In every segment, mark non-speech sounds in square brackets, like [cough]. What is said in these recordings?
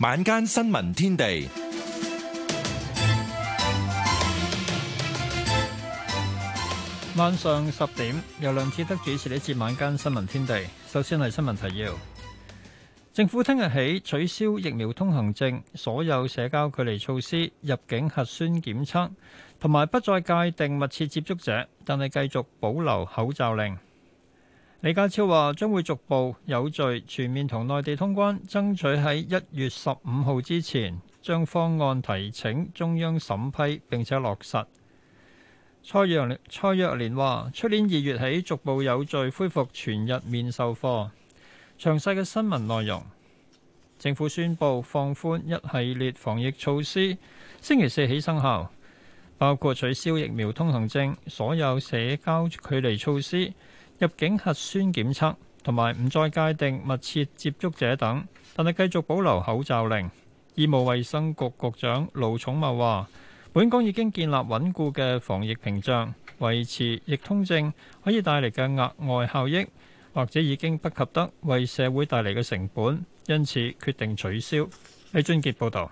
晚間新聞天地，晚上十點由梁志德主持呢次晚間新聞天地。首先係新聞提要：政府聽日起取消疫苗通行證、所有社交距離措施、入境核酸檢測同埋不再界定密切接觸者，但係繼續保留口罩令。李家超話將會逐步有序全面同內地通關，爭取喺一月十五號之前將方案提請中央審批並且落實。蔡若蔡若蓮話，出年二月起逐步有序恢復全日面授課。詳細嘅新聞內容。政府宣布放寬一系列防疫措施，星期四起生效，包括取消疫苗通行證、所有社交距離措施。入境核酸檢測同埋唔再界定密切接觸者等，但係繼續保留口罩令。醫務衛生局局長盧寵茂話：本港已經建立穩固嘅防疫屏障，維持疫通證可以帶嚟嘅額外效益，或者已經不及得為社會帶嚟嘅成本，因此決定取消。李俊傑報導。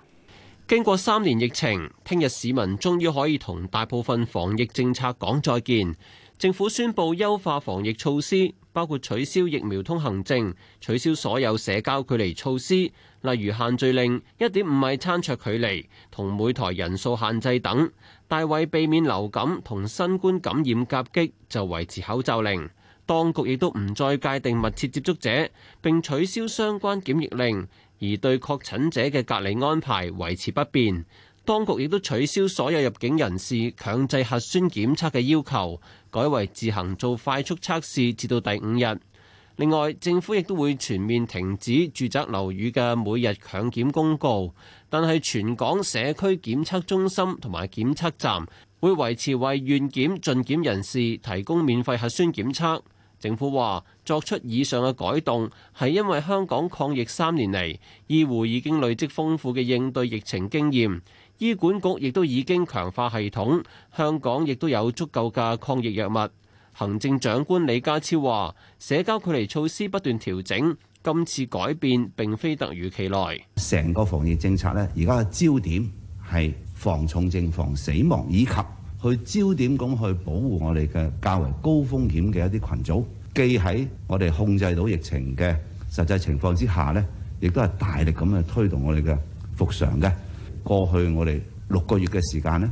經過三年疫情，聽日市民終於可以同大部分防疫政策講再見。政府宣布優化防疫措施，包括取消疫苗通行證、取消所有社交距離措施，例如限聚令、一點五米餐桌距離同每台人數限制等。但為避免流感同新冠感染夾擊，就維持口罩令。當局亦都唔再界定密切接觸者，並取消相關檢疫令，而對確診者嘅隔離安排維持不變。當局亦都取消所有入境人士強制核酸檢測嘅要求。改為自行做快速測試至到第五日。另外，政府亦都會全面停止住宅樓宇嘅每日強檢公告，但係全港社區檢測中心同埋檢測站會維持為願檢盡檢人士提供免費核酸檢測。政府話作出以上嘅改動係因為香港抗疫三年嚟，醫護已經累積豐富嘅應對疫情經驗，醫管局亦都已經強化系統，香港亦都有足夠嘅抗疫藥物。行政長官李家超話：社交距離措施不斷調整，今次改變並非突如其來。成個防疫政策呢，而家嘅焦點係防重症、防死亡以及去焦點咁去保護我哋嘅較為高風險嘅一啲群組，既喺我哋控制到疫情嘅實際情況之下咧，亦都係大力咁去推動我哋嘅復常嘅。過去我哋六個月嘅時間咧，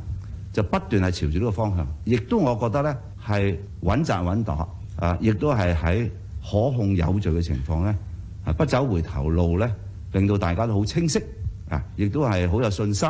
就不斷係朝住呢個方向，亦都我覺得咧係穩紮穩打啊！亦都係喺可控有序嘅情況咧，不走回頭路咧，令到大家都好清晰啊！亦都係好有信心。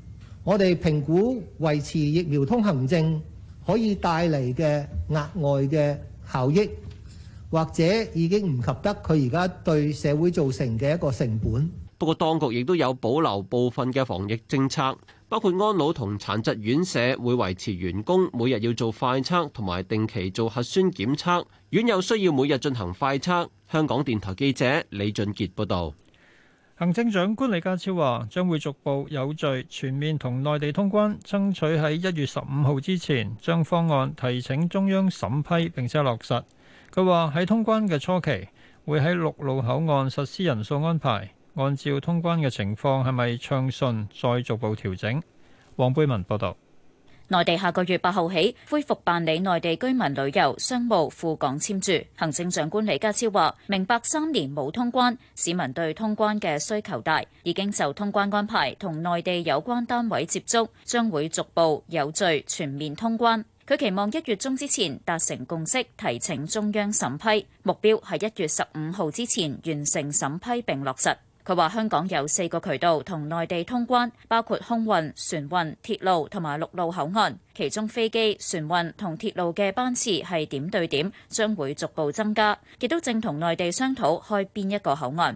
我哋評估維持疫苗通行證可以帶嚟嘅額外嘅效益，或者已經唔及得佢而家對社會造成嘅一個成本。不過，當局亦都有保留部分嘅防疫政策，包括安老同殘疾院舍會維持員工每日要做快測同埋定期做核酸檢測，院友需要每日進行快測。香港電台記者李俊傑報導。行政長官李家超話，將會逐步有序全面同內地通關，爭取喺一月十五號之前將方案提請中央審批並且落實。佢話喺通關嘅初期，會喺陸路口岸實施人數安排，按照通關嘅情況係咪暢順，再逐步調整。黃貝文報道。內地下個月八號起恢復辦理內地居民旅遊、商務赴港簽注。行政長官李家超話：明白三年冇通關，市民對通關嘅需求大，已經就通關安排同內地有關單位接觸，將會逐步有序全面通關。佢期望一月中之前達成共識，提請中央審批，目標係一月十五號之前完成審批並落實。佢話：香港有四個渠道同內地通關，包括空運、船運、鐵路同埋陸路口岸。其中飛機、船運同鐵路嘅班次係點對點，將會逐步增加，亦都正同內地商討開邊一個口岸。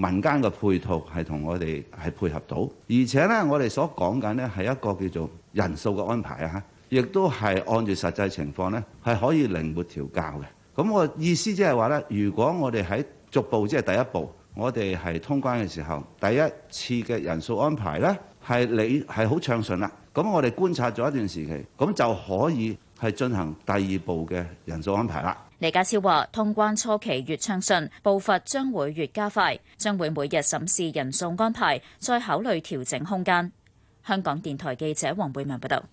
民間嘅配套係同我哋係配合到，而且呢，我哋所講緊呢係一個叫做人數嘅安排啊，亦都係按住實際情況呢，係可以靈活調校嘅。咁我意思即係話呢，如果我哋喺逐步即係第一步，我哋係通關嘅時候，第一次嘅人數安排呢，係你係好暢順啦，咁我哋觀察咗一段時期，咁就可以係進行第二步嘅人數安排啦。李家超話：通關初期越暢順，步伐將會越加快，將會每日審視人數安排，再考慮調整空間。香港電台記者黃貝文報道。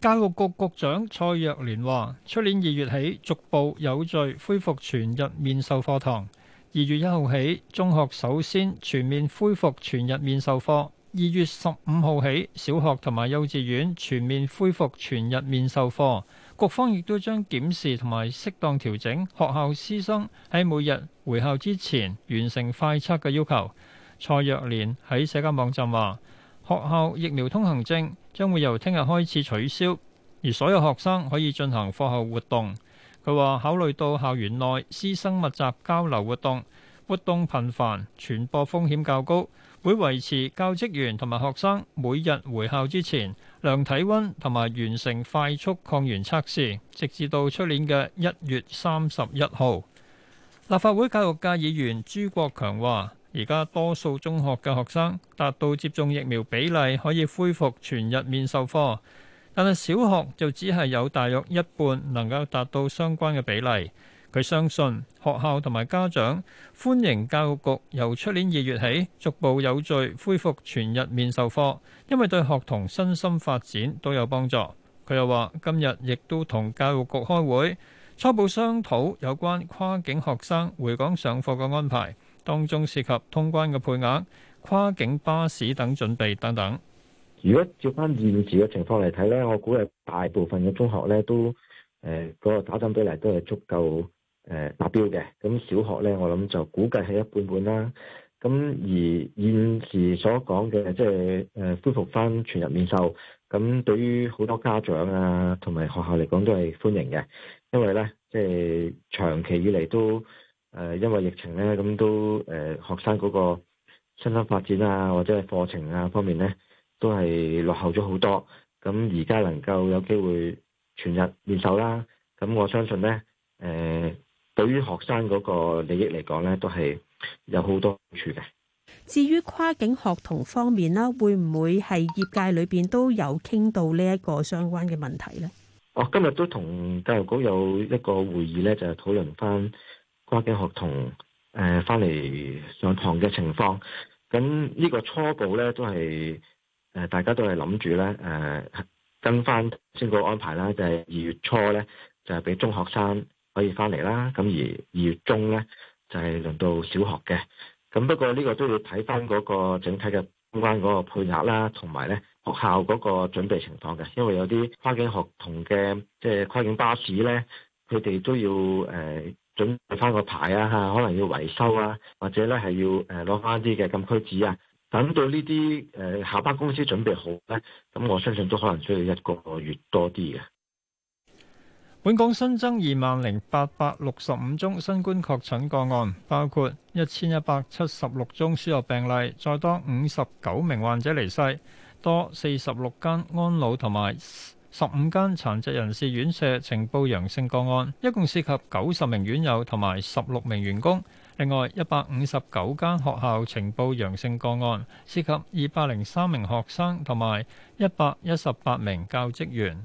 教育局局長蔡若蓮話，出年二月起逐步有序恢復全日面授課堂。二月一號起，中學首先全面恢復全日面授課。二月十五號起，小學同埋幼稚園全面恢復全日面授課。局方亦都將檢視同埋適當調整學校師生喺每日回校之前完成快測嘅要求。蔡若蓮喺社交網站話：學校疫苗通行證將會由聽日開始取消，而所有學生可以進行課後活動。佢話考慮到校園內師生密集交流活動，活動頻繁，傳播風險較高，會維持教職員同埋學生每日回校之前量體溫同埋完成快速抗原測試，直至到出年嘅一月三十一號。立法會教育界議員朱國強話，而家多數中學嘅學生達到接種疫苗比例，可以恢復全日面授課，但係小學就只係有大約一半能夠達到相關嘅比例。佢相信學校同埋家長歡迎教育局由出年二月起逐步有序恢復全日面授課，因為對學童身心發展都有幫助。佢又話今日亦都同教育局開會，初步商討有關跨境學生回港上課嘅安排，當中涉及通關嘅配額、跨境巴士等準備等等。如果照翻現時嘅情況嚟睇咧，我估係大部分嘅中學咧都誒嗰個打針比例都係足夠誒達標嘅，咁小學咧，我諗就估計係一半半啦。咁而現時所講嘅，即係誒恢復翻全日面授，咁對於好多家長啊同埋學校嚟講都係歡迎嘅，因為咧即係長期以嚟都誒、呃、因為疫情咧，咁都誒、呃、學生嗰個身心發展啊或者係課程啊方面咧都係落後咗好多。咁而家能夠有機會全日面授啦，咁我相信咧誒。呃對於學生嗰個利益嚟講咧，都係有好多處嘅。至於跨境學童方面啦，會唔會係業界裏邊都有傾到呢一個相關嘅問題咧？我、哦、今日都同教育局有一個會議咧，就係討論返跨境學童誒返嚟上堂嘅情況。咁呢個初步咧，都係誒、呃、大家都係諗住咧誒跟返先嗰個安排啦，就係、是、二月初咧就係俾中學生。可以翻嚟啦，咁而二月中咧就係、是、輪到小學嘅，咁不過呢個都要睇翻嗰個整體嘅相關嗰個配額啦，同埋咧學校嗰個準備情況嘅，因為有啲跨境學童嘅即係跨境巴士咧，佢哋都要誒、呃、準備翻個牌啊，嚇，可能要維修啊，或者咧係要誒攞翻啲嘅禁區紙啊，等到呢啲誒校巴公司準備好咧，咁我相信都可能需要一個個月多啲嘅。本港新增二萬零八百六十五宗新冠確診個案，包括一千一百七十六宗輸入病例，再多五十九名患者離世，多四十六間安老同埋十五間殘疾人士院舍呈報陽性個案，一共涉及九十名院友同埋十六名員工。另外，一百五十九間學校呈報陽性個案，涉及二百零三名學生同埋一百一十八名教職員。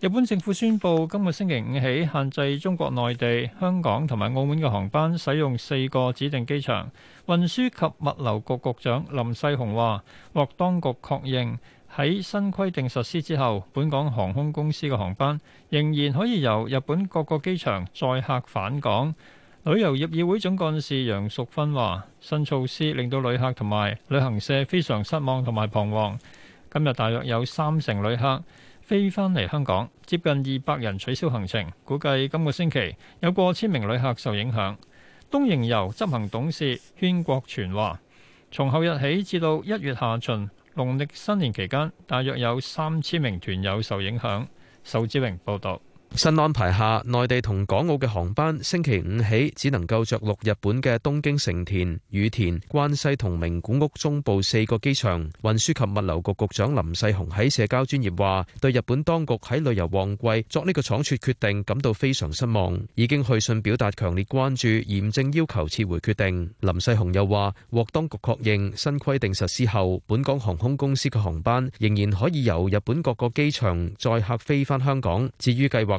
日本政府宣布，今個星期五起限制中國內地、香港同埋澳門嘅航班使用四個指定機場。運輸及物流局局長林世雄話：獲當局確認，喺新規定實施之後，本港航空公司嘅航班仍然可以由日本各個機場載客返港。旅遊業議會總幹事楊淑芬話：新措施令到旅客同埋旅行社非常失望同埋彷徨。今日大約有三成旅客。飛返嚟香港，接近二百人取消行程，估計今個星期有過千名旅客受影響。東瀛遊執行董事禤國全話，從後日起至到一月下旬，農曆新年期間，大約有三千名團友受影響。仇志榮報導。新安排下，內地同港澳嘅航班星期五起只能夠着陸日本嘅東京成田、羽田、關西同名古屋中部四個機場。運輸及物流局局長林世雄喺社交專頁話，對日本當局喺旅遊旺季作呢個倉促決定感到非常失望，已經去信表達強烈關注，嚴正要求撤回決定。林世雄又話，獲當局確認新規定實施後，本港航空公司嘅航班仍然可以由日本各個機場載客飛返香港。至於計劃。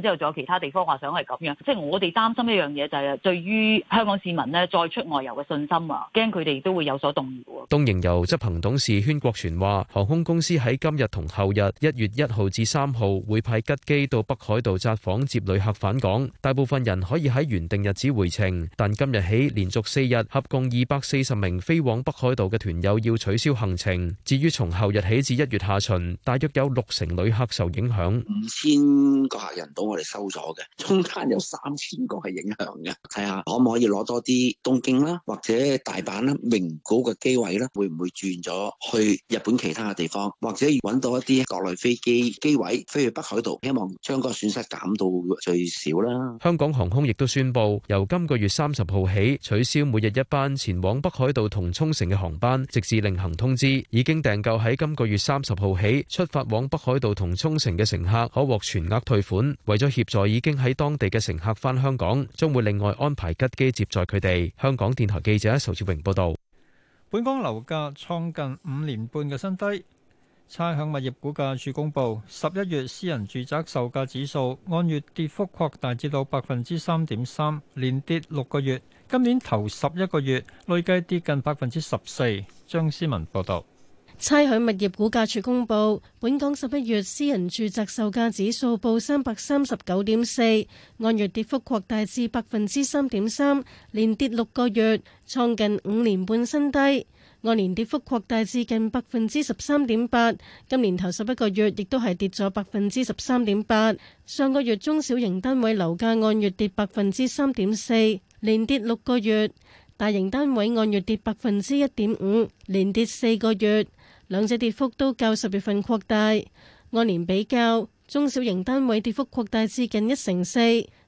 之後仲有其他地方話想係咁樣，即係我哋擔心一樣嘢就係對於香港市民咧，再出外遊嘅信心啊，驚佢哋都會有所動搖。東瀛遊執行董事禤國全話，航空公司喺今日同後日，一月一號至三號會派吉機到北海道札幌接旅客返港，大部分人可以喺原定日子回程。但今日起連續四日，合共二百四十名飛往北海道嘅團友要取消行程。至於從後日起至一月下旬，大約有六成旅客受影響，五千個客人到。我哋收咗嘅，中間有三千個係影響嘅，睇下可唔可以攞多啲東京啦，或者大阪啦，名古嘅機位啦，會唔會轉咗去日本其他嘅地方，或者揾到一啲國內飛機機位飛去北海道，希望將個損失減到最少啦。香港航空亦都宣布，由今個月三十號起取消每日一班前往北海道同沖繩嘅航班，直至另行通知。已經訂購喺今個月三十號起出發往北海道同沖繩嘅乘客，可獲全額退款。為咗協助已經喺當地嘅乘客返香港，將會另外安排吉機接載佢哋。香港電台記者仇志榮報導。本港樓價創近五年半嘅新低，差餉物業估價署公布，十一月私人住宅售價指數按月跌幅擴大至到百分之三點三，連跌六個月。今年頭十一個月累計跌近百分之十四。張思文報導。差餉物業估價處公佈，本港十一月私人住宅售價指數報三百三十九點四，按月跌幅擴大至百分之三點三，連跌六個月，創近五年半新低。按年跌幅擴大至近百分之十三點八，今年頭十一個月亦都係跌咗百分之十三點八。上個月中小型單位樓價按月跌百分之三點四，連跌六個月；大型單位按月跌百分之一點五，連跌四個月。兩者跌幅都較十月份擴大，按年比較，中小型單位跌幅擴大至近一成四，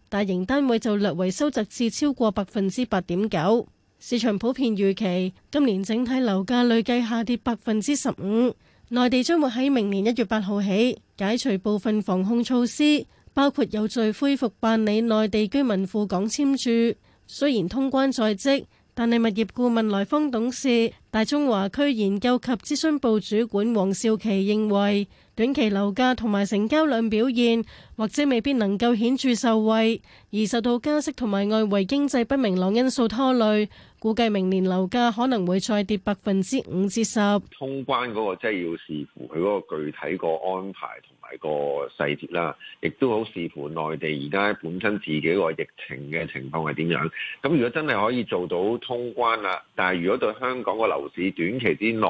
大型單位就略為收窄至超過百分之八點九。市場普遍預期今年整體樓價累計下跌百分之十五。內地將會喺明年一月八號起解除部分防控措施，包括有序恢復辦理內地居民赴港簽注。雖然通關在即，但係物業顧問萊坊董事、大中華區研究及諮詢部主，主管黃少琪認為，短期樓價同埋成交量表現或者未必能夠顯著受惠，而受到加息同埋外圍經濟不明朗因素拖累，估計明年樓價可能會再跌百分之五至十。通關嗰個即係要視乎佢嗰個具體個安排。個細節啦，亦都好視乎內地而家本身自己個疫情嘅情況係點樣。咁如果真係可以做到通關啦，但係如果對香港個樓市短期之內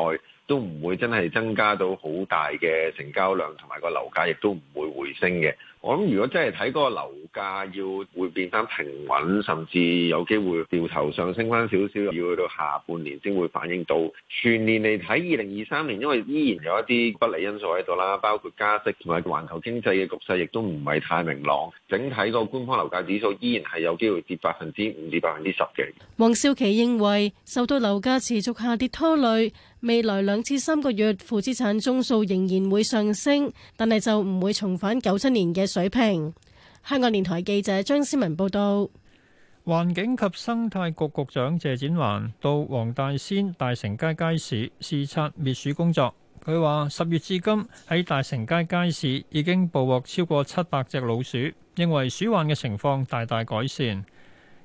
都唔會真係增加到好大嘅成交量，同埋個樓價亦都唔會回升嘅。我諗，如果真係睇嗰個樓價，要會變翻平穩，甚至有機會掉頭上升翻少少，要去到下半年先會反映到。全年嚟睇，二零二三年因為依然有一啲不利因素喺度啦，包括加息同埋環球經濟嘅局勢，亦都唔係太明朗。整體個官方樓價指數依然係有機會跌百分之五至百分之十嘅。黃少琪認為，受到樓價持續下跌拖累。未來兩至三個月負資產宗數仍然會上升，但係就唔會重返九七年嘅水平。香港電台記者張思文報道。環境及生態局局長謝展環到黃大仙大成街街市視察滅鼠工作。佢話：十月至今喺大成街街市已經捕獲超過七百隻老鼠，認為鼠患嘅情況大大改善。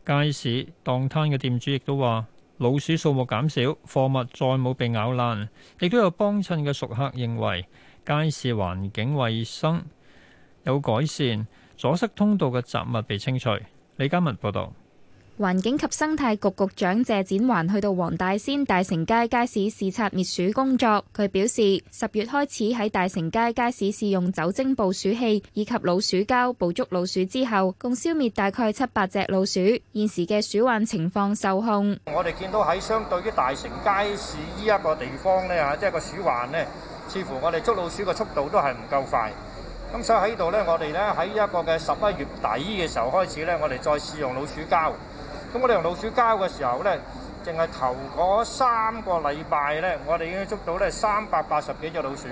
街市檔攤嘅店主亦都話。老鼠數目減少，貨物再冇被咬爛，亦都有幫襯嘅熟客認為街市環境衛生有改善，阻塞通道嘅雜物被清除。李嘉文報道。環境及生態局局長謝展寰去到黃大仙大成街街市視察滅鼠工作。佢表示，十月開始喺大成街街市試用酒精捕鼠器以及老鼠膠捕，捕捉老鼠之後，共消滅大概七八隻老鼠。現時嘅鼠患情況受控。我哋見到喺相對於大成街市呢一個地方呢，吓即係個鼠患呢，似乎我哋捉老鼠嘅速度都係唔夠快。咁所以喺度呢，我哋呢喺一個嘅十一月底嘅時候開始呢，我哋再試用老鼠膠。咁我哋同老鼠交嘅時候呢，淨係頭嗰三個禮拜呢，我哋已經捉到呢三百八十幾隻老鼠。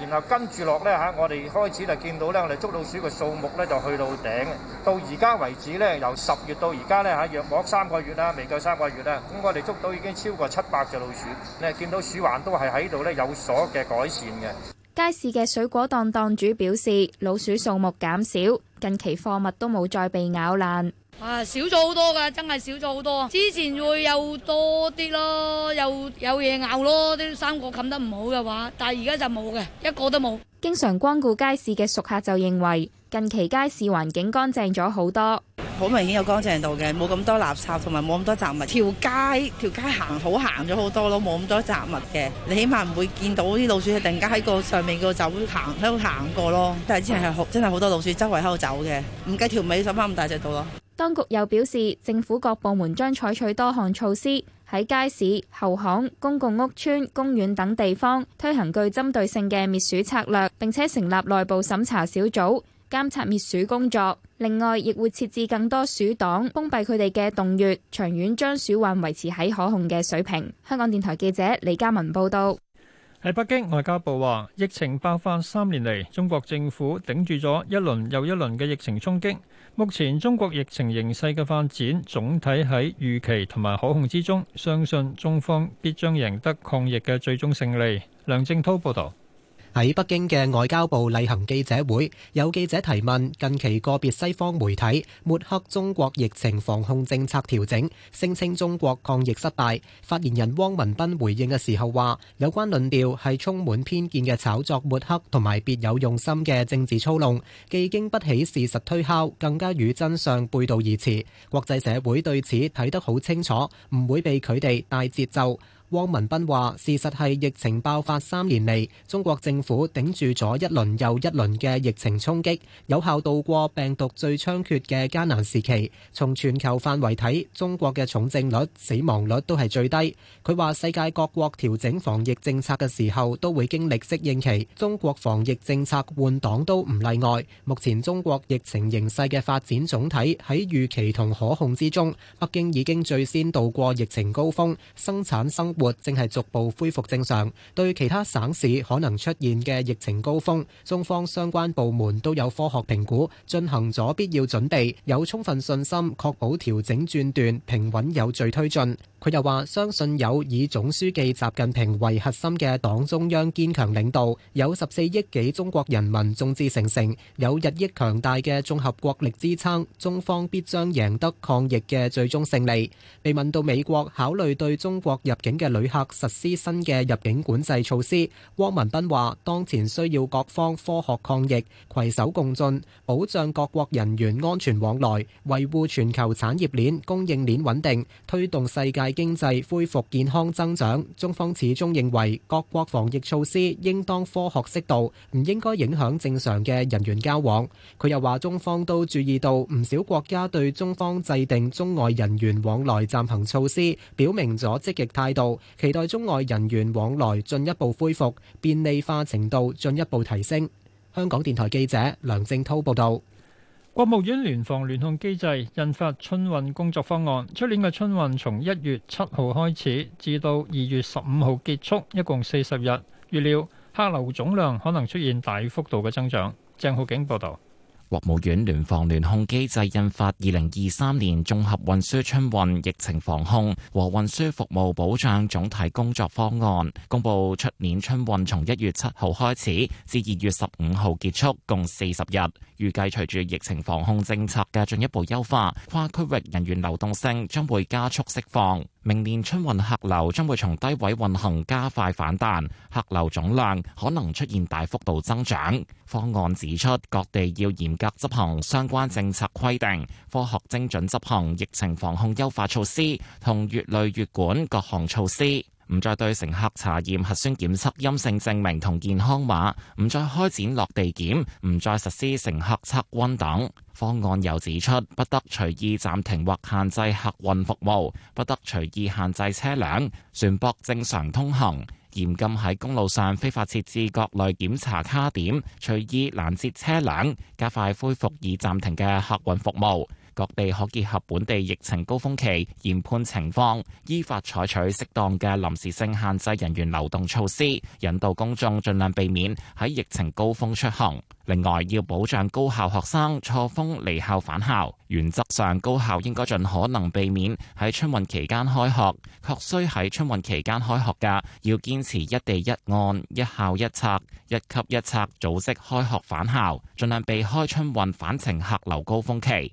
然後跟住落呢，嚇，我哋開始就見到呢，我哋捉老鼠嘅數目呢就去到頂。到而家為止呢，由十月到而家呢，嚇，約莫三個月啦，未夠三個月啦。咁我哋捉到已經超過七百隻老鼠。你係見到鼠患都係喺度呢有所嘅改善嘅。街市嘅水果檔檔主表示，老鼠數目減少，近期貨物都冇再被咬爛。啊！少咗好多噶，真係少咗好多。之前會有多啲咯，又有嘢咬咯，啲三個冚得唔好嘅話，但係而家就冇嘅，一個都冇。經常光顧街市嘅熟客就認為，近期街市環境乾淨咗好多，好 [noise] 明顯有乾淨度嘅，冇咁多垃圾同埋冇咁多雜物。條街條街行好行咗好多咯，冇咁多雜物嘅，你起碼唔會見到啲老鼠係突然間喺個上面個走行喺度行過咯。 [noise] 但係之前係好真係好多老鼠周圍喺度走嘅，唔計條尾，手踫咁大隻度咯。當局又表示，政府各部門將採取多項措施，喺街市、後巷、公共屋邨、公園等地方推行具針對性嘅滅鼠策略，並且成立內部審查小組監察滅鼠工作。另外，亦會設置更多鼠檔，封閉佢哋嘅洞穴，長遠將鼠患維持喺可控嘅水平。香港電台記者李嘉文報導。喺北京，外交部話：疫情爆發三年嚟，中國政府頂住咗一輪又一輪嘅疫情衝擊。目前中國疫情形勢嘅發展總體喺預期同埋可控之中，相信中方必將贏得抗疫嘅最終勝利。梁正滔報導。喺北京嘅外交部例行記者會，有記者提問：近期個別西方媒體抹黑中國疫情防控政策調整，聲稱中國抗疫失敗。發言人汪文斌回應嘅時候話：有關論調係充滿偏見嘅炒作抹黑，同埋別有用心嘅政治操弄，既經不起事實推敲，更加與真相背道而馳。國際社會對此睇得好清楚，唔會被佢哋帶節奏。汪文斌話：事實係疫情爆發三年嚟，中國政府頂住咗一輪又一輪嘅疫情衝擊，有效度過病毒最猖獗嘅艱難時期。從全球範圍睇，中國嘅重症率、死亡率都係最低。佢話世界各國調整防疫政策嘅時候都會經歷適應期，中國防疫政策換擋都唔例外。目前中國疫情形勢嘅發展總體喺預期同可控之中，北京已經最先度過疫情高峰，生產生。活正係逐步恢復正常，對其他省市可能出現嘅疫情高峰，中方相關部門都有科學評估，進行咗必要準備，有充分信心確保調整轉段平穩有序推進。佢又話：相信有以總書記習近平為核心嘅黨中央堅強領導，有十四億幾中國人民眾志成城，有日益強大嘅綜合國力支撐，中方必將贏得抗疫嘅最終勝利。被問到美國考慮對中國入境嘅嘅旅客實施新嘅入境管制措施。汪文斌話：當前需要各方科學抗疫，攜手共進，保障各國人員安全往來，維護全球產業鏈供應鏈穩定，推動世界經濟恢復健康增長。中方始終認為，各國防疫措施應當科學適度，唔應該影響正常嘅人員交往。佢又話：中方都注意到唔少國家對中方制定中外人員往來暫行措施，表明咗積極態度。期待中外人員往來進一步恢復，便利化程度進一步提升。香港電台記者梁正滔報導。國務院聯防聯控機制印發春運工作方案，出年嘅春運從一月七號開始，至到二月十五號結束，一共四十日。預料客流總量可能出現大幅度嘅增長。鄭浩景報導。國務院聯防聯控機制印發《二零二三年綜合運輸春運疫情防控和運輸服務保障總體工作方案》，公布出年春運從一月七號開始，至二月十五號結束，共四十日。預計隨住疫情防控政策嘅進一步優化，跨區域人員流動性將會加速釋放。明年春運客流將會從低位運行加快反彈，客流總量可能出現大幅度增長，方案指出，各地要嚴格執行相關政策規定，科學精準執行疫情防控優化措施同乙類乙管各項措施。唔再對乘客查驗核酸檢測陰性證明同健康碼，唔再開展落地檢，唔再實施乘客測温等。方案又指出，不得隨意暫停或限制客運服務，不得隨意限制車輛、船舶正常通行，嚴禁喺公路上非法設置各類檢查卡點，隨意攔截車輛，加快恢復已暫停嘅客運服務。各地可結合本地疫情高峰期研判情況，依法採取適當嘅臨時性限制人員流動措施，引導公眾盡量避免喺疫情高峰出行。另外，要保障高校學生錯峰離校返校。原則上，高校應該盡可能避免喺春運期間開學，確需喺春運期間開學嘅，要堅持一地一案、一校一策、一級一策，組織開學返校，盡量避開春運返程客流高峰期。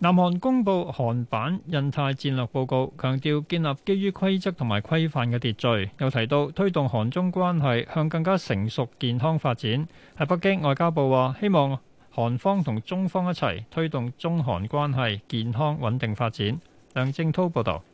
南韓公布韓版印太戰略報告，強調建立基於規則同埋規範嘅秩序，又提到推動韓中關係向更加成熟健康發展。喺北京，外交部話希望韓方同中方一齊推動中韓關係健康穩定發展。梁正滔報導。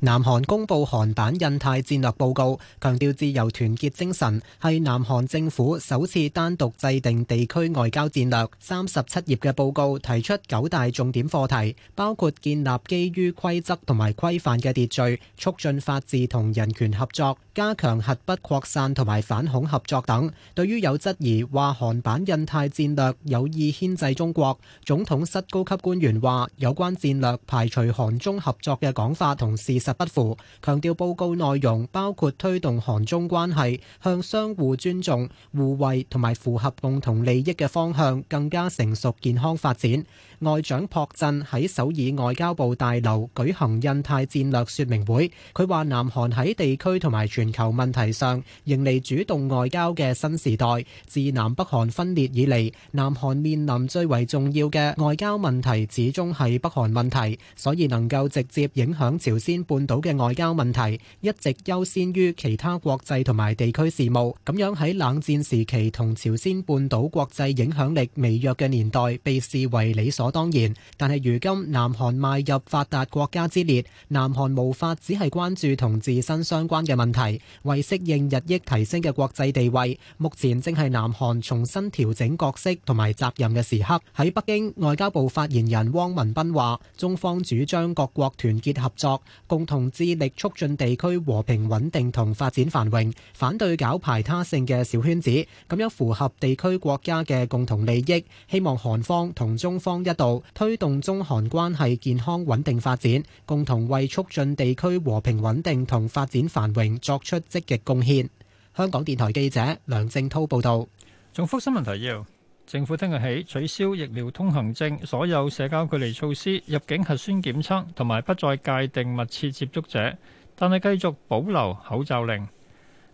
南韓公布韓版印太戰略報告，強調自由團結精神，係南韓政府首次單獨制定地區外交戰略。三十七頁嘅報告提出九大重點課題，包括建立基於規則同埋規範嘅秩序，促進法治同人權合作，加強核不擴散同埋反恐合作等。對於有質疑話韓版印太戰略有意牽制中國，總統室高級官員話：有關戰略排除韓中合作嘅講法同事實不符，強調報告內容包括推動韓中關係向相互尊重、互惠同埋符合共同利益嘅方向更加成熟健康發展。外長朴振喺首爾外交部大樓舉行印太戰略說明會，佢話：南韓喺地區同埋全球問題上迎嚟主動外交嘅新時代。自南北韓分裂以嚟，南韓面臨最為重要嘅外交問題始終係北韓問題，所以能夠直接影響朝鮮半島嘅外交問題一直優先於其他國際同埋地區事務。咁樣喺冷戰時期同朝鮮半島國際影響力微弱嘅年代，被視為理所當然，但係如今南韓邁入發達國家之列，南韓無法只係關注同自身相關嘅問題，為適應日益提升嘅國際地位，目前正係南韓重新調整角色同埋責任嘅時刻。喺北京，外交部發言人汪文斌話，中方主張各國團結合作，共同致力促進地區和平穩定同發展繁榮，反對搞排他性嘅小圈子，咁樣符合地區國家嘅共同利益。希望韓方同中方一，推動中韓關係健康穩定發展，共同為促進地區和平穩定同發展繁榮作出積極貢獻。香港電台記者梁正濤報道。重複新聞提要：政府聽日起取消疫苗通行證、所有社交距離措施、入境核酸檢測，同埋不再界定密切接觸者，但係繼續保留口罩令。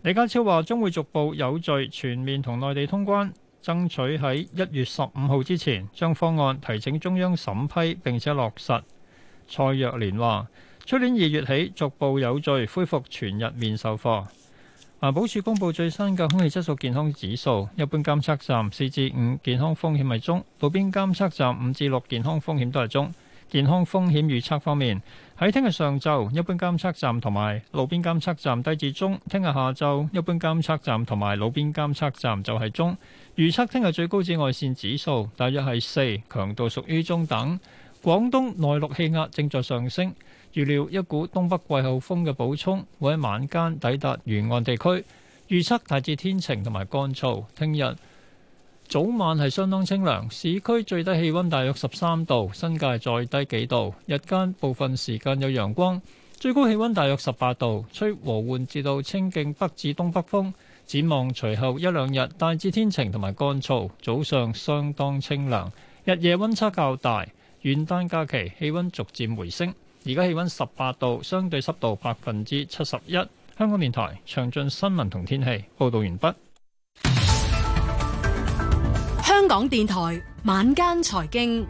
李家超話，將會逐步有序全面同內地通關。爭取喺一月十五號之前將方案提請中央審批並且落實。蔡若蓮話，出年二月起逐步有序恢復全日面授課。環保署公布最新嘅空氣質素健康指數，一般監測站四至五，健康風險係中，路邊監測站五至六，健康風險都係中。健康風險預測方面，喺聽日上晝一般監測站同埋路邊監測站低至中；聽日下晝一般監測站同埋路邊監測站就係中。預測聽日最高紫外線指數大約係四，強度屬於中等。廣東內陸氣壓正在上升，預料一股東北季候風嘅補充會喺晚間抵達沿岸地區。預測大致天晴同埋乾燥。聽日。早晚係相當清涼，市區最低氣温大約十三度，新界再低幾度。日間部分時間有陽光，最高氣温大約十八度，吹和緩至到清勁北至東北風。展望隨後一兩日大致天晴同埋乾燥，早上相當清涼，日夜温差較大。元旦假期氣温逐漸回升，而家氣温十八度，相對濕度百分之七十一。香港電台詳盡新聞同天氣報導完畢。香港電台晚間財經，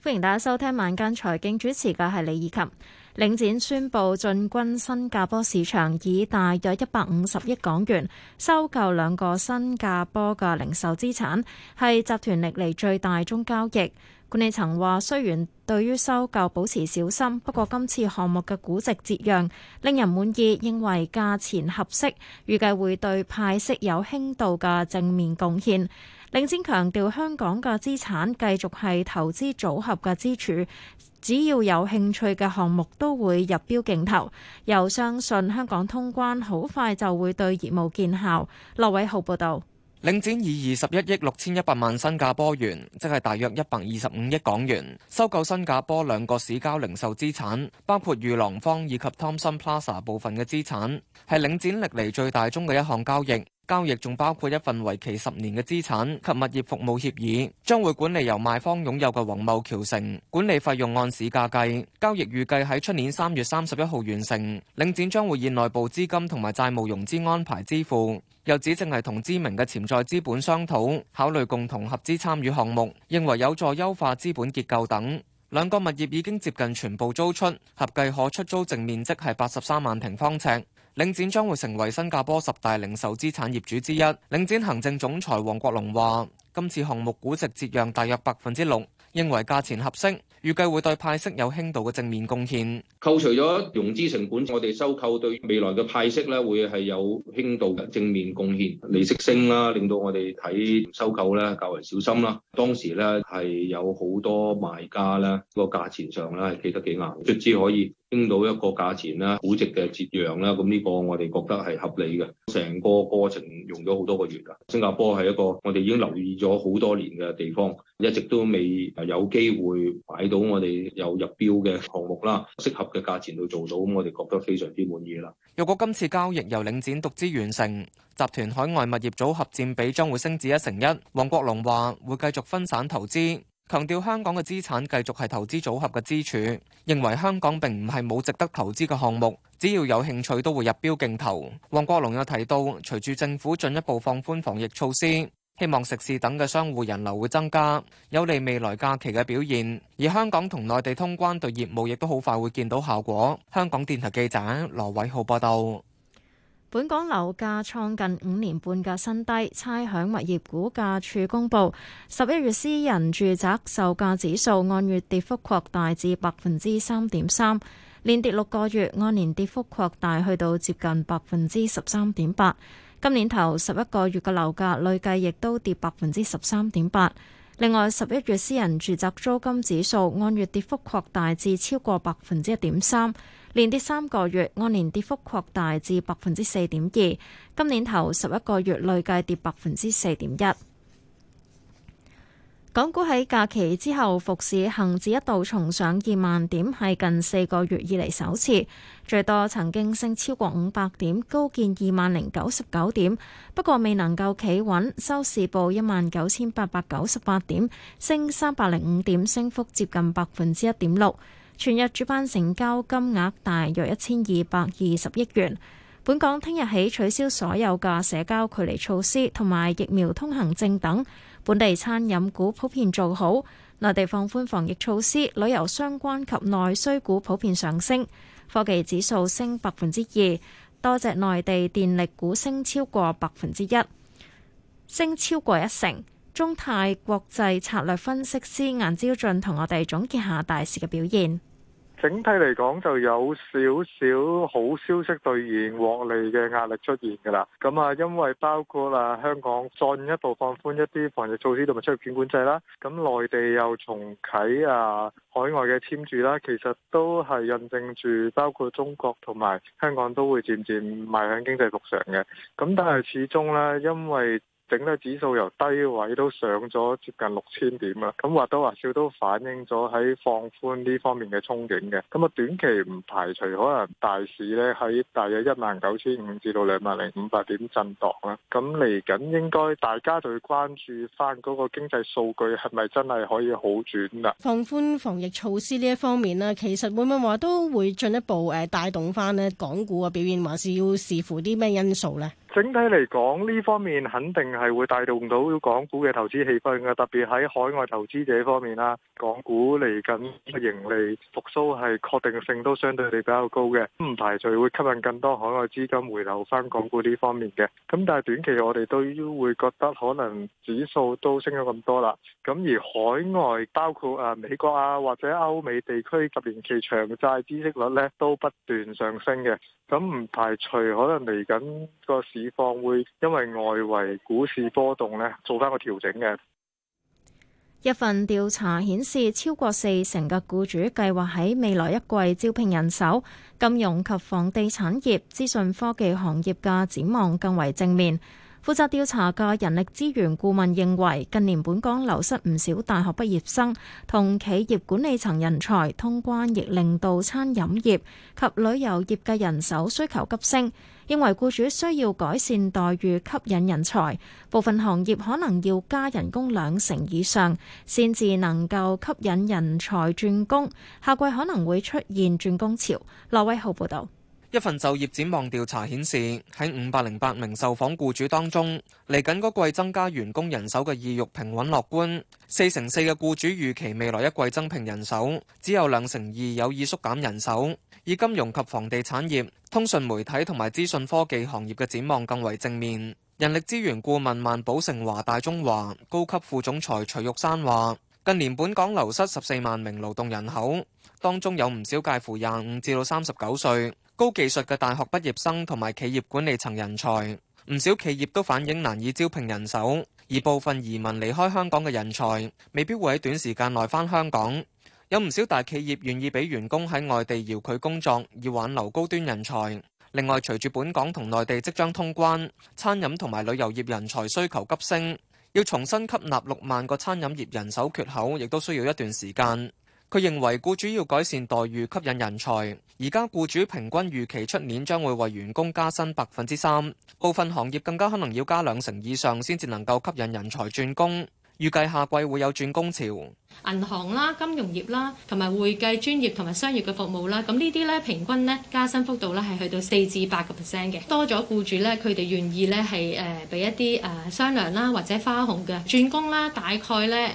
歡迎大家收聽晚間財經。主持嘅係李以琴。領展宣布進軍新加坡市場，以大約一百五十億港元收購兩個新加坡嘅零售資產，係集團歷嚟最大宗交易。管理層話，雖然對於收購保持小心，不過今次項目嘅估值折讓令人滿意，認為價錢合適，預計會對派息有輕度嘅正面貢獻。領展強調，香港嘅資產繼續係投資組合嘅支柱，只要有興趣嘅項目都會入標競投，又相信香港通關好快就會對業務見效。羅偉豪報道。領展以二十一億六千一百萬新加坡元，即係大約一百二十五億港元，收購新加坡兩個市郊零售資產，包括裕廊坊以及 Thomson Plaza 部分嘅資產，係領展歷嚟最大宗嘅一項交易。交易仲包括一份為期十年嘅資產及物業服務協議，將會管理由賣方擁有嘅黃茂橋城，管理費用按市價計。交易預計喺出年三月三十一號完成，領展將會以內部資金同埋債務融資安排支付。又指淨係同知名嘅潛在資本商討，考慮共同合資參與項目，認為有助優化資本結構等。兩個物業已經接近全部租出，合計可出租淨面積係八十三萬平方尺。領展將會成為新加坡十大零售資產業主之一。領展行政總裁王國龍話：今次項目估值折讓大約百分之六，認為價錢合適，預計會對派息有輕度嘅正面貢獻。扣除咗融資成本，我哋收購對未來嘅派息咧，會係有輕度嘅正面貢獻。利息升啦，令到我哋睇收購咧較為小心啦。當時咧係有好多賣家咧個價錢上咧係企得幾硬，卒之可以。傾到一個價錢啦，估值嘅折讓啦，咁呢個我哋覺得係合理嘅。成個過程用咗好多個月啊，新加坡係一個我哋已經留意咗好多年嘅地方，一直都未有機會買到我哋有入標嘅項目啦，適合嘅價錢都做到，我哋覺得非常之滿意啦。若果今次交易由領展獨資完成，集團海外物業組合佔比將會升至一成一，黃國龍話會繼續分散投資。強調香港嘅資產繼續係投資組合嘅支柱，認為香港並唔係冇值得投資嘅項目，只要有興趣都會入標競投。王國龍又提到，隨住政府進一步放寬防疫措施，希望食肆等嘅商戶人流會增加，有利未來假期嘅表現。而香港同內地通關對業務亦都好快會見到效果。香港電台記者羅偉浩報道。本港樓價創近五年半嘅新低，差餉物業估價署公佈，十一月私人住宅售價指數按月跌幅擴大至百分之三點三，連跌六個月，按年跌幅擴大去到接近百分之十三點八。今年頭十一個月嘅樓價累計亦都跌百分之十三點八。另外，十一月私人住宅租金指數按月跌幅擴大至超過百分之一點三，連跌三個月，按年跌幅擴大至百分之四點二，今年頭十一個月累計跌百分之四點一。港股喺假期之後復市，恆指一度重上二萬點，係近四個月以嚟首次，最多曾經升超過五百點，高見二萬零九十九點。不過未能夠企穩，收市報一萬九千八百九十八點，升三百零五點，升幅接近百分之一點六。全日主板成交金額大約一千二百二十億元。本港聽日起取消所有嘅社交距離措施同埋疫苗通行證等。本地餐飲股普遍做好，內地放寬防疫措施，旅遊相關及內需股普遍上升，科技指數升百分之二，多隻內地電力股升超過百分之一，升超過一成。中泰國際策略分析師顏朝俊同我哋總結下大市嘅表現。整體嚟講，就有少少好消息兌現獲利嘅壓力出現㗎啦。咁啊，因為包括啊香港進一步放寬一啲防疫措施同埋出入境管制啦，咁內地又重啟啊海外嘅簽注啦，其實都係印證住包括中國同埋香港都會漸漸邁向經濟復常嘅。咁但係始終呢，因為整體指數由低位都上咗接近六千點啦，咁或多或少都反映咗喺放寬呢方面嘅憧憬嘅。咁啊短期唔排除可能大市咧喺大約一萬九千五至到兩萬零五百點震盪啦。咁嚟緊應該大家最關注翻嗰個經濟數據係咪真係可以好轉啊？放寬防疫措施呢一方面咧，其實會唔會話都會進一步誒帶動翻咧港股嘅表現，還是要視乎啲咩因素咧？整體嚟講，呢方面肯定係會帶動到港股嘅投資氣氛嘅，特別喺海外投資者方面啦，港股嚟緊盈利復甦係確定性都相對嚟比較高嘅，唔排除會吸引更多海外資金回流翻港股呢方面嘅。咁但係短期我哋都會覺得可能指數都升咗咁多啦。咁而海外包括誒美國啊或者歐美地區十年期長債孳息率咧，都不斷上升嘅。咁唔排除可能嚟緊個市況會因為外圍股市波動咧，做返個調整嘅。一份調查顯示，超過四成嘅僱主計劃喺未來一季招聘人手，金融及房地產業、資訊科技行業嘅展望更為正面。負責調查嘅人力資源顧問認為，近年本港流失唔少大學畢業生同企業管理層人才，通關亦令到餐飲業及旅遊業嘅人手需求急升。認為僱主需要改善待遇吸引人才，部分行業可能要加人工兩成以上先至能夠吸引人才轉工。下季可能會出現轉工潮。羅威浩報道。一份就業展望調查顯示，喺五百零八名受訪僱主當中，嚟緊嗰季增加員工人手嘅意欲平穩樂觀，四成四嘅僱主預期未來一季增聘人手，只有兩成二有意縮減人手。以金融及房地產業、通訊媒體同埋資訊科技行業嘅展望更為正面。人力資源顧問萬寶成華大中華高級副總裁徐玉山話，近年本港流失十四萬名勞動人口，當中有唔少介乎廿五至到三十九歲。高技術嘅大學畢業生同埋企業管理層人才，唔少企業都反映難以招聘人手，而部分移民離開香港嘅人才，未必會喺短時間內返香港。有唔少大企業願意俾員工喺外地遙距工作，以挽留高端人才。另外，隨住本港同內地即將通關，餐飲同埋旅遊業人才需求急升，要重新吸納六萬個餐飲業人手缺口，亦都需要一段時間。佢認為僱主要改善待遇吸引人才，而家僱主平均預期出年將會為員工加薪百分之三，部分行業更加可能要加兩成以上，先至能夠吸引人才轉工。預計下季會有轉工潮，銀行啦、金融業啦，同埋會計專業同埋商業嘅服務啦，咁呢啲咧平均咧加薪幅度咧係去到四至八個 percent 嘅，多咗僱主咧佢哋願意咧係誒俾一啲誒商量啦或者花紅嘅轉工啦，大概咧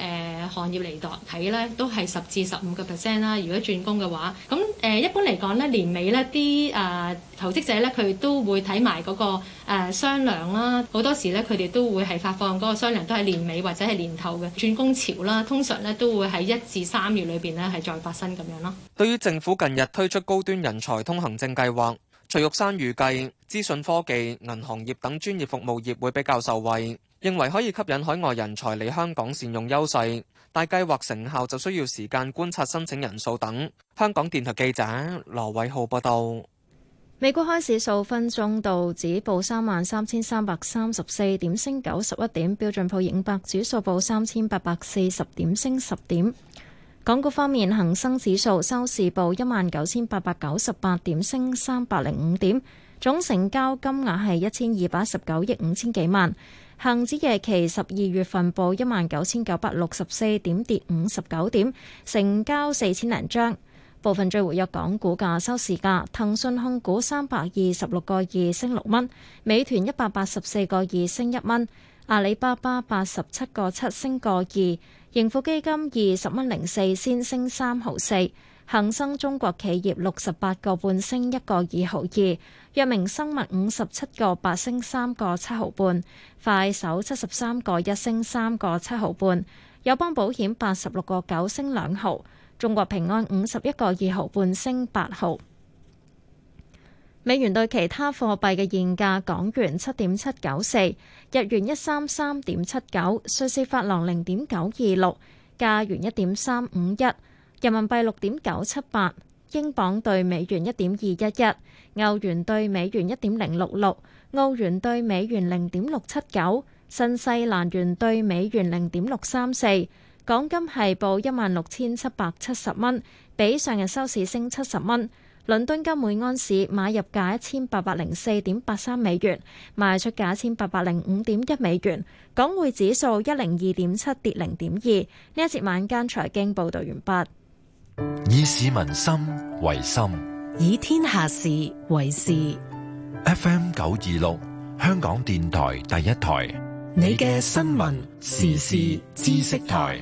誒行業嚟度睇咧都係十至十五個 percent 啦。如果轉工嘅話，咁誒一般嚟講咧年尾咧啲誒投資者咧佢都會睇埋嗰個商量啦，好多時咧佢哋都會係發放嗰個商量都係年尾或者係年尾。透嘅轉工潮啦，通常咧都會喺一至三月裏邊呢，係再發生咁樣咯。對於政府近日推出高端人才通行證計劃，徐玉山預計資訊科技、銀行業等專業服務業會比較受惠，認為可以吸引海外人才嚟香港善用優勢，但計劃成效就需要時間觀察申請人數等。香港電台記者羅偉浩報道。美國開市數分鐘，道指報三萬三千三百三十四點，升九十一點；標準普爾五百指數報三千八百四十點，升十點。港股方面，恒生指數收市報一萬九千八百九十八點，升三百零五點，總成交金額係一千二百十九億五千幾萬。恒指夜期十二月份報一萬九千九百六十四點，跌五十九點，成交四千零張。部分最活躍港股價收市價：騰訊控股三百二十六個二升六蚊，美團一百八十四個二升一蚊，阿里巴巴八十七個七升個二，盈富基金二十蚊零四先升三毫四，恒生中國企業六十八個半升一個二毫二，藥明生物五十七個八升三個七毫半，快手七十三個一升三個七毫半，友邦保險八十六個九升兩毫。中國平安五十一個二毫半升八毫，美元對其他貨幣嘅現價：港元七點七九四，日元一三三點七九，瑞士法郎零點九二六，加元一點三五一，人民幣六點九七八，英鎊對美元一點二一一，歐元對美元一點零六六，澳元對美元零點六七九，新西蘭元對美元零點六三四。港金係報一萬六千七百七十蚊，比上日收市升七十蚊。倫敦金每安士買入價一千八百零四點八三美元，賣出價一千八百零五點一美元。港匯指數一零二點七跌零點二。呢一節晚間財經報道完畢。以市民心為心，以天下事為事。FM 九二六，香港電台第一台，你嘅新聞時事知識台。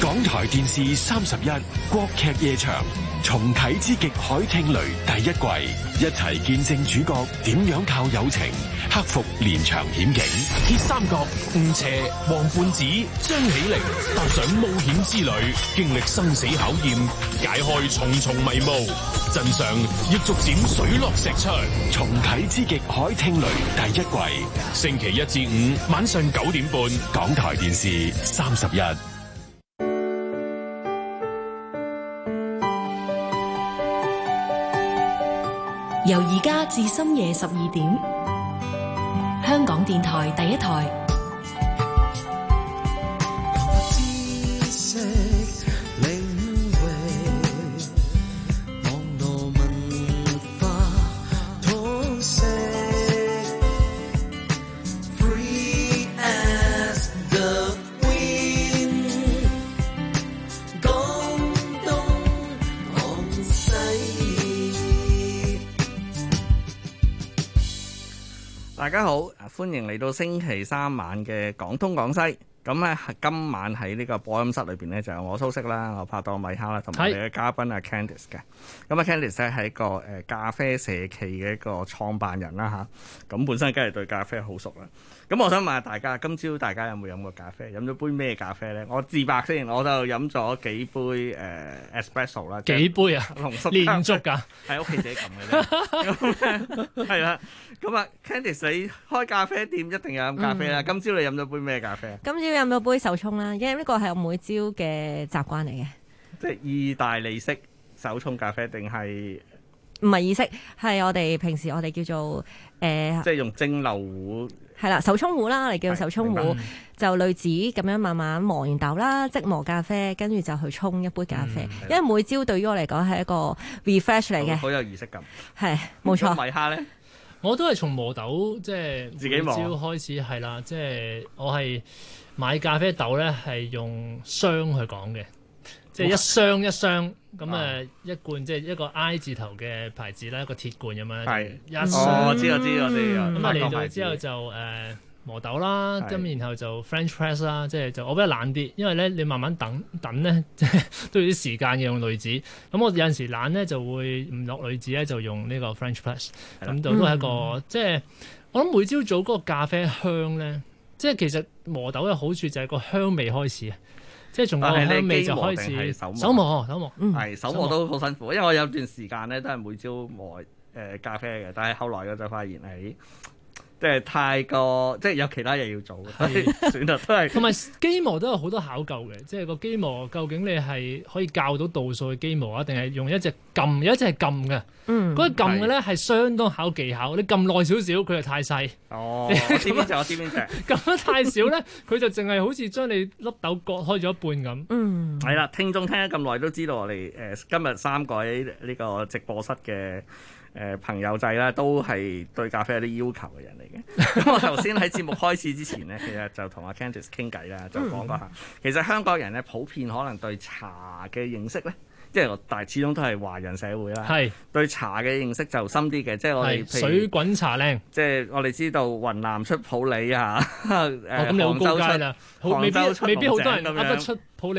港台電視三十一國劇夜場，重啟之極海聽雷第一季，一齊見證主角點樣靠友情克服連場險境。鐵三角吳邪、王胖子、張起靈踏上冒險之旅，經歷生死考驗，解開重重迷霧，真相亦逐漸水落石出。重啟之極海聽雷第一季，星期一至五晚上九點半，港台電視三十一。由而家至深夜十二點，香港電台第一台。大家好，歡迎嚟到星期三晚嘅廣東廣西。咁咧，今晚喺呢個播音室裏邊咧，就有我蘇軾啦，我拍檔米哈啦，同埋我哋嘅嘉賓阿 Candice 嘅。咁阿是 Candice 咧係一個誒咖啡社企嘅一個創辦人啦吓。咁本身梗係對咖啡好熟啦。咁我想問下大家，今朝大家有冇飲過咖啡？飲咗杯咩咖啡咧？我自白先，我就飲咗幾杯誒 Espresso 啦。呃、es so, 是幾杯啊？濃縮、 [laughs] 啊？連續㗎，喺屋企自己撳嘅咧。係啦，咁啊，Candice 你開咖啡店一定有飲咖啡啦。嗯、今朝你飲咗杯咩咖啡啊？今朝飲咗杯手沖啦、啊，因為呢個係我每朝嘅習慣嚟嘅。即係意大利式手沖咖啡定係？唔係意式，係我哋平時我哋叫做誒。呃、即係用蒸餾壺。係啦，手沖壺啦，我哋叫做手沖壺，就類似咁樣慢慢磨完豆啦，即磨咖啡，跟住就去沖一杯咖啡。嗯、因為每朝對於我嚟講係一個 refresh 嚟嘅，好有儀式感。係冇錯。買蝦咧，我都係從磨豆即係自己磨開始，係啦，即、就、係、是、我係買咖啡豆咧，係用箱去講嘅。即係一箱一箱咁誒，哇 一罐、啊、即係一個 I 字頭嘅牌子啦，一個鐵罐咁樣。係、啊、一箱。哦，知我知我知。咁啊，嗯、嚟咗之後就誒磨豆啦，咁的然後就 French press 啦，即係就我比較懶啲，因為咧你慢慢等，等咧即係都要啲時間用濾紙。咁我有陣時懶咧，就會唔落濾紙咧，就用呢個 French press 的。咁、嗯、就都係一個即係我諗每朝早嗰個咖啡香咧，即係其實磨豆嘅好處就係個香味開始。即係仲有，你未就開始手磨，手磨，手磨，手磨，係、嗯、手磨都好辛苦。磨因為我有段時間咧，都係每朝磨誒咖啡嘅，但係後來我就發現係。即係太過，即係有其他嘢要做，是所以選擇都係。同埋機模都有好多考究嘅，即係個機模究竟你係可以校到度數嘅機模啊，定係用一隻撳，有一隻係撳嘅。嗯，嗰啲撳嘅咧係相當考技巧，的你撳耐少少佢就太細。哦，你知按邊我知邊隻。撳得太少咧，佢知、嗯、就淨係好似將你粒豆割開咗一半咁。嗯，係啦，聽眾聽咗咁耐都知道我哋誒、呃、今日三個喺呢個直播室嘅。嗯誒、呃、朋友仔啦，都係對咖啡有啲要求嘅人嚟嘅。咁 [laughs] 我頭先喺節目開始之前呢， [laughs] 其實就同阿 Candice 傾偈啦，就講嗰下，嗯、其實香港人咧普遍可能對茶嘅認識咧，即係但始終都係華人社會啦。係是對茶嘅認識就深啲嘅，即係我哋水滾茶靚。即係我哋知道雲南出普洱啊。 [laughs] 哦，咁你好高階出未必未必好多人噏得出普